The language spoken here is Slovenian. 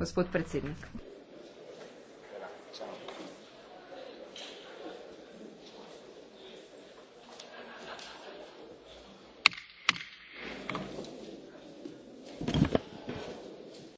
gospod predsednik.